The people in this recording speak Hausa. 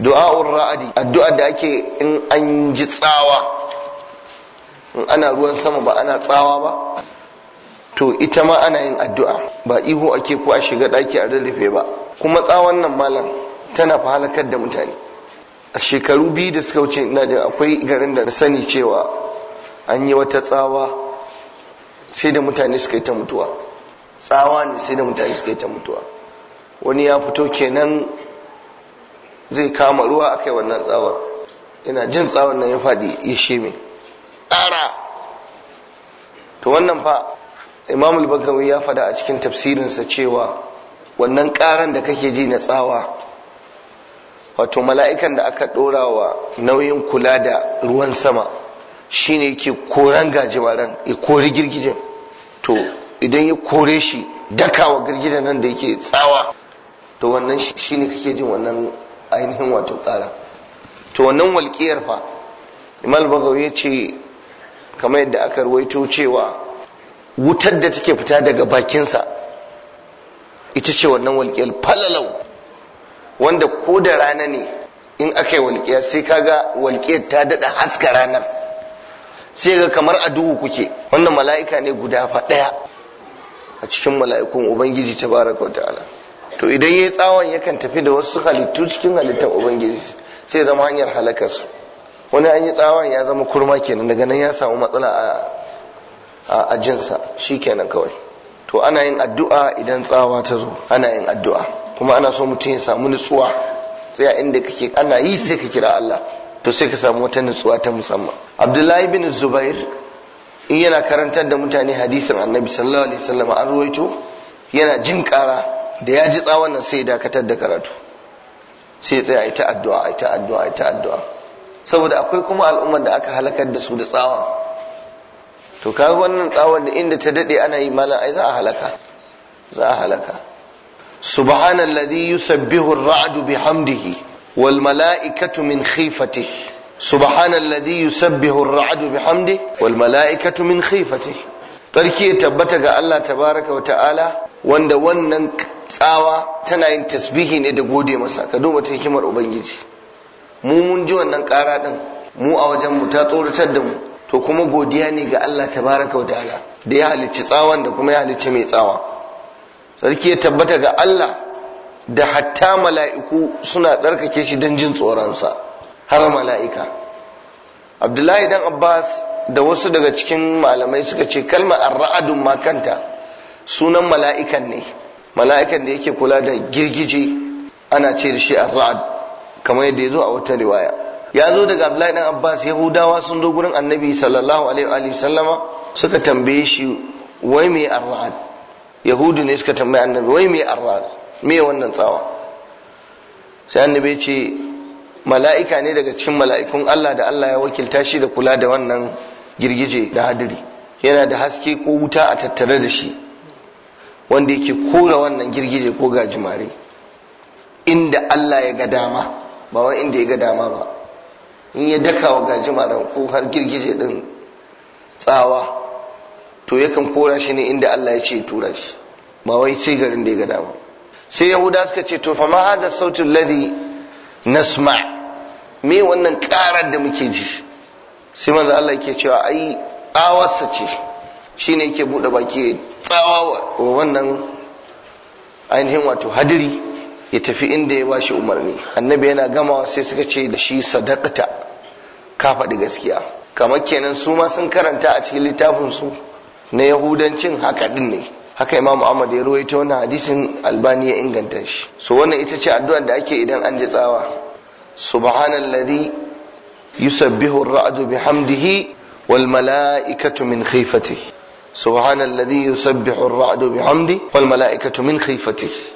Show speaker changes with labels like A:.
A: du'a'ur ra'adi addu'a da ake in an ji tsawa in ana ruwan sama ba ana tsawa ba to ita ma ana yin addu'a ba ihu ake ko a shiga daki a rarrafe ba kuma tsawon nan malam tana fahalakar da mutane a shekaru biyu da suka wuce ina da akwai garin da sani cewa an yi wata tsawa sai da mutane suka yi ta mutuwa tsawa ne sai da mutane suka yi ta mutuwa wani ya fito kenan zai kama ruwa kai wannan tsawar ina jin tsawon nan ya faɗi ya mai ƙara to wannan fa imam al-bagawi ya fada a cikin tafsirinsa cewa wannan ƙaran da kake ji na tsawa wato mala'ikan da aka ɗora wa nauyin kula da ruwan sama shine yake koran gajimaren ya kori girgijen to idan ya kore shi dakawa girgijen nan da yake tsawa to wannan shine kake jin wannan ainihin wato tsara. to wannan walƙiyar fa imal bazo ya ce kamar yadda aka ruwaito cewa wutar da take fita daga bakinsa ita ce wannan walƙiyar falalau wanda ko da rana ne in aka yi walƙiya sai kaga walƙiyar ta daɗa haska ranar sai ga kamar a duhu kuke wannan mala'ika ne guda fa ɗaya a cikin mala'ikun ubangiji ta baraka wa ta'ala to idan ya yi tsawon yakan tafi da wasu halittu cikin halittar ubangiji sai zama hanyar halakarsu wani an yi tsawon ya zama kurma kenan daga nan ya samu matsala a jinsa shi kenan kawai to ana yin addu'a idan tsawa ta zo ana yin addu'a kuma ana so mutum ya samu nutsuwa tsaya inda kake ana yi sai ka kira Allah to sai ka samu wata nutsuwa ta musamman abdullahi bin zubair in yana karantar da mutane hadisin annabi sallallahu alaihi wasallam an ruwaito yana jin kara da ya ji tsawon nan sai dakatar da karatu sai ya tsaya ita addu'a ita addu'a ita addu'a saboda akwai kuma al'ummar da aka halakar da su da tsawon to kaga wannan tsawon da inda ta dade ana yi malam ai za a halaka za a halaka subhanalladhi yusabbihu ar-ra'du bihamdihi wal mala'ikatu min khifatihi subhanalladhi yusabbihu ar-ra'du bihamdihi wal mala'ikatu min khifatihi tarki tabbata ga Allah tabaraka wa ta'ala wanda wannan tsawa tana yin tasbihi ne da gode masa ka duba ta hikimar ubangiji mu mun ji wannan ƙara din mu a wajen mu ta tsoratar da mu to kuma godiya ne ga Allah tabaraka wa ta'ala da ya halicci tsawan da kuma ya halicci mai tsawa sarki ya tabbata ga Allah da hatta mala'iku suna tsarkake shi don jin tsoronsa har mala'ika abdullahi dan abbas da wasu daga cikin malamai suka ce kalmar ar-ra'adun makanta sunan mala'ikan ne mala'ikan da yake kula da girgije ana ce da shi ar-ra'd kamar yadda yazo a wata riwaya ya zo daga Abdullahi dan Abbas Yahudawa sun zo gurin Annabi sallallahu alaihi sallama suka tambaye shi wai me ar-ra'd Yahudu ne suka tambaye Annabi wai me ar-ra'd me wannan tsawa sai Annabi ya ce mala'ika ne daga cikin mala'ikun Allah da Allah ya wakilta shi da kula da wannan girgije da hadiri yana da haske ko wuta a tattare da shi wanda yake kora wannan girgije ko gajimare inda Allah ya ga dama ba wa inda ya ga dama ba in ya daka wa gajimaren ko har girgije din tsawa to yakan kora shi ne inda Allah ya ce tura shi ba wai ce garin da ya ga dama sai yahuda suka ce to fama ma hada sautin ladhi nasma me wannan karar da muke ji sai manzo Allah yake cewa ai awarsa ce shine yake bude baki tsawa wa wannan ainihin wato hadiri ya tafi inda ya bashi umarni annabi yana gamawa sai suka ce da shi sadakata ka faɗi gaskiya kamar kenan su ma sun karanta a cikin littafin su na yahudancin haka din ne haka imamu ahmad ya ruwaito wannan hadisin albani ya inganta shi so wannan ita ce addu'ar da ake idan an ji tsawa subhanallazi yusabbihu ar-ra'du bihamdihi wal mala'ikatu min khifatihi سبحان الذي يسبح الرعد بحمده والملائكة من خيفته